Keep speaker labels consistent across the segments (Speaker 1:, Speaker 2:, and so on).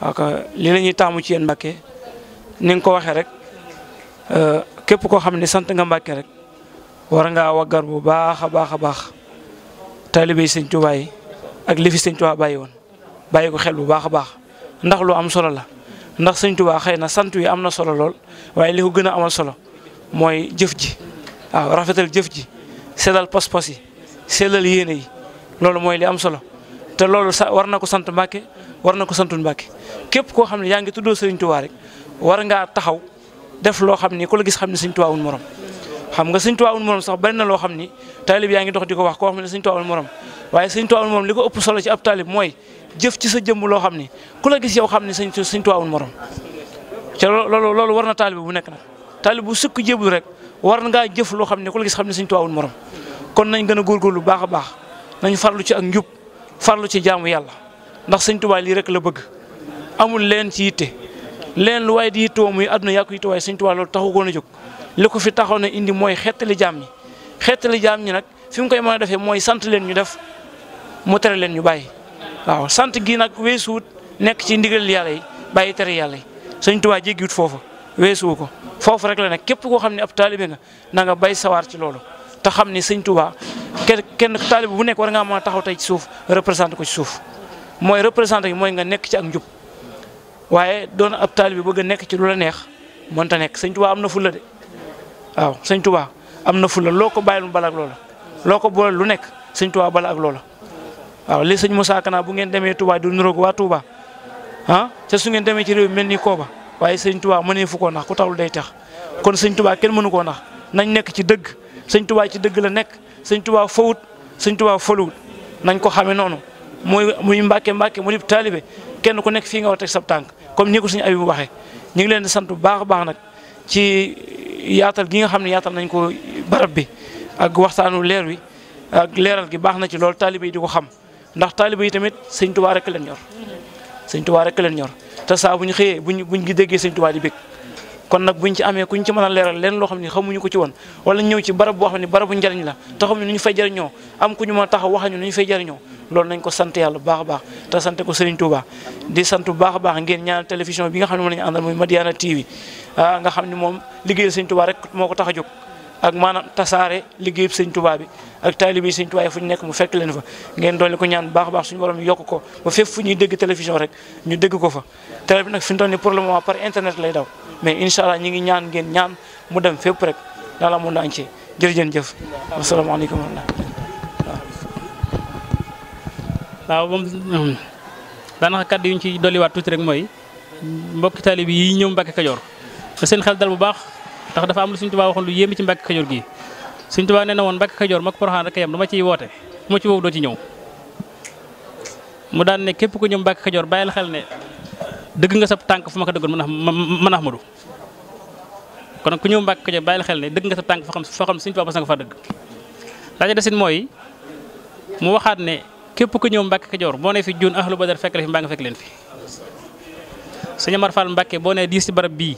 Speaker 1: ak lii la ñuy taamu ci yéen Mbàkke ni nga ko waxee rek euh, képp koo xam ne sant nga Mbàkke rek war ngaa waggar bu baax a baax a baax taalibe yi Sëñ Tuubaa ak li fi Sëñ Tuubaa bàyyi woon bàyyi ko xel bu baax a baax ndax lu am solo la ndax sëñtuwaa Tuubaa xëy na sant wi am na solo lool waaye li ko gën a amal solo mooy jëf ji waaw rafetal jëf ji selal pas-pas yi seddal yéene yi loolu mooy li am solo. te loolu sa war na ko sant Mbàkke war na ko santul Mbàkke képp koo xam ne yaa ngi tuddoo Serigne Touba rek war ngaa taxaw def loo xam ni ku la gis xam ne Serigne Touba wul morom xam nga Serigne Touba wul sax bari na loo xam ni taalib yaa ngi dox di ko wax koo xam ne Serigne Touba wul morom waaye Serigne Touba li ko ëpp solo ci ab taalib mooy jëf ci sa jëmm loo xam ni ku la gis xam ne Serigne Serigne Touba wul morom te loolu loolu war na taalib bu nekk nag taalib bu sukk jébul rek war ngaa jëf loo xam ne ku la xam ne Serigne Touba wul morom kon nañ gën a lu baax a baax nañ farlu ci ak njub farlu ci jaamu yàlla ndax sëñ Tuubaa lii rek la bëgg amul leen ci yitte leen lu waaye di yittewoo muy àdduna yaa ko yittewaaye sëñ Tuubaa loolu taxu koon a jog li ko fi taxaw na indi mooy xettali jaam ñi xettali jaam ñi nag fi mu koy mën a defee mooy sant leen ñu def mu tere leen ñu bàyyi waaw sant gi nag weesuwut nekk ci ndigal yàlla yi bàyyi tere yàlla yi sëñ Tuubaa jéggiwut foofa weesuwu ko foofu rek la nag képp koo xam ne ab taalibe nga nanga nga bay sawar ci loolo te kenn kenn taalib bu nekk war ngaa mën taxaw tey ci suuf représenté ko ci suuf mooy représenté mooy nga nekk ci ak njub waaye doon ab taalib bi bëgg a nekk ci lu la neex mënta nekk sëñ Tuubaa am na fulla de waaw am na fulla loo ko bàyyil bala loola loo ko boole lu nekk sëñ Tuubaa bala ak loola waaw li sëñ Moussa Kana bu ngeen demee Touba du niroog waa Touba ah ca su ngeen demee ci réew mel ni Kooba waaye sëñ Touba mënee fu ko nax ku tawlu day tax kon sëñ Touba kenn mënu koo nax nañ nekk ci dëgg sëñ Touba ci dëgg la nekk sëñ tubaa fawut sëñ tubaa faluwut nañ ko xamee noonu muy muy mbake mbàkke mu di taalibe kenn ku nekk fii nga war a teg sab tànk comme ni ko suñu abibu waxee ñu ngi leen di sant bu baax a baax nag ci yaatal gi nga xam ne yaatal nañ ko barab bi ak waxtaanu leer wi ak leeral gi baax na ci loolu taalibe yi di ko xam ndax taalibe yi tamit sëñ tubaa rek leen ñor sëñ tubaa rek leen ñor te saa bu ñu xëyee buñ buñ gi déggee sëñ tubaa di bég kon nag buñ ci amee kuñ ci mën a leeral leen loo xam ne xamuñu ko ci woon wala ñëw ci barab boo xam ne barabu njariñ la te xam nu ñu fay jariñoo am ku ñu mën a taxaw waxañu nu ñu fay jariñoo loolu nañ ko sant yàlla baax a baax te sant ko Serigne Touba di sant bu baax a baax ngeen ñaan télévision bi nga xam ne moom la ñu àndal muy Madiana TV ah, nga xam moom liggéeyal Serigne rek moo ko tax a jóg ak manam tasare liguey seigne touba bi ak talibi seigne touba yi nek mu fekk len fa ngeen doon ko ñaan baax baax suñu borom yokk ko ba fepp fuñu ñuy dégg télévision rek ñu dégg ko fa télé bi nak fiñ par internet lay daw mais inshallah allah ñi ngi ñaan ngeen ñaan mu dem fepp rek dans le monde entier jërëjëf jëf asalaamaaleykum wa rahmatulah
Speaker 2: waaw moom daanaka kàddu yu ñu ci dolliwaat tuuti rek mooy mbokki seen xel dal bu baax ndax dafa am lu Sëriñ Tuubaa waxoon lu yéeme ci Mbàkke Kajoor gi Sëriñ Tuubaa nee na woon Mbàkke Kajoor mag Poroxaan rek yam lu ciy woote lu ma ci woowu doo ci ñëw mu daan ne képp ku ñëw Mbàkke Kajoor bàyyil xel ne dëgg nga sa tànk fu ma ko dëggoon mën a mën a xamadu kon nag ku ñëw Mbàkke Kajoor xel ne dëgg nga sa tànk foo xam foo xam Sëriñ Tuubaa nga fa dëgg laaja desin mooy mu waxaat ne képp ku ñëw Mbàkke Kajoor boo ne fi jun ahlu badar fekk la fi mbaa nga fekk leen fi sëñ Amar Fall Mbàkke boo ne diis ci barab bii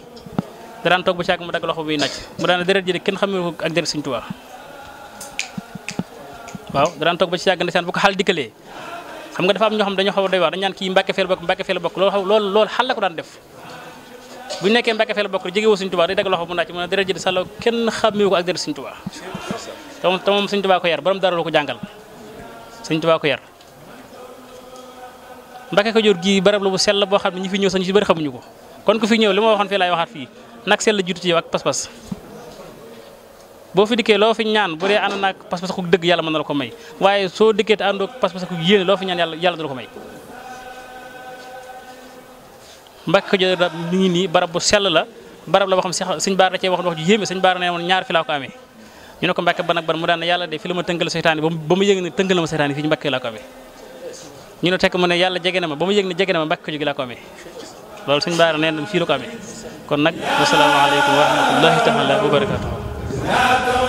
Speaker 2: daan tok ba si yàgg mu dag loxo bi nacc mu daan deret ji ken xamul ko ak der seigne touba waaw daan tok ba si yàgg ndeysaan bu ko hal dikkalee xam nga dafa am ño xam dañu xaw doy war dañ naan kii Mbàkke Feel bokk Mbàkke Feel bokk lol lol loolu la ko daan def bu nekké mbacke fel bok bokk wu woo Sëñ Tuubaa day dagg loxo bu nacc mu ne deret ji de sàlloo kenn xamee ko ak der seigne touba tam tam seigne touba ko yar borom dara ko jangal seigne touba ko yar ko jor gi barab lu bu sel boo xam ne ñi fi ñew sax ñu bari bëri xamuñu ko kon ko fi ñew li waxon fi lay waxat fi nak sel jiitu ci yow ak pass pas boo fi diké lo fi ñaan bu dé ànd nak pass pass ku dëgg yalla mëna na la ko may waaye so diké te ando pass pass ku yéne lo fi ñaan yalla yalla du ko may mbak ko da ni ni barab bu sel la barab la boo xam sëñ da ci wax wax ju yéme sëñ bar né won ñaar fi la ko amé ñu ne ko mbàkke ban ban mu daan yalla dé de fi lu ma tënkal seytaane ba ma yëg ne tënkal ma seytaane fi ñu mbàkke la ko amé ñu ne tek mu né yalla jege na ma ba ma yëg ne na ma mbak ko jëg la ko amé loolu suñ baara neen fii la ko kon nag wasalaamaaleykum wa rahmatullahi taala wa barakaatu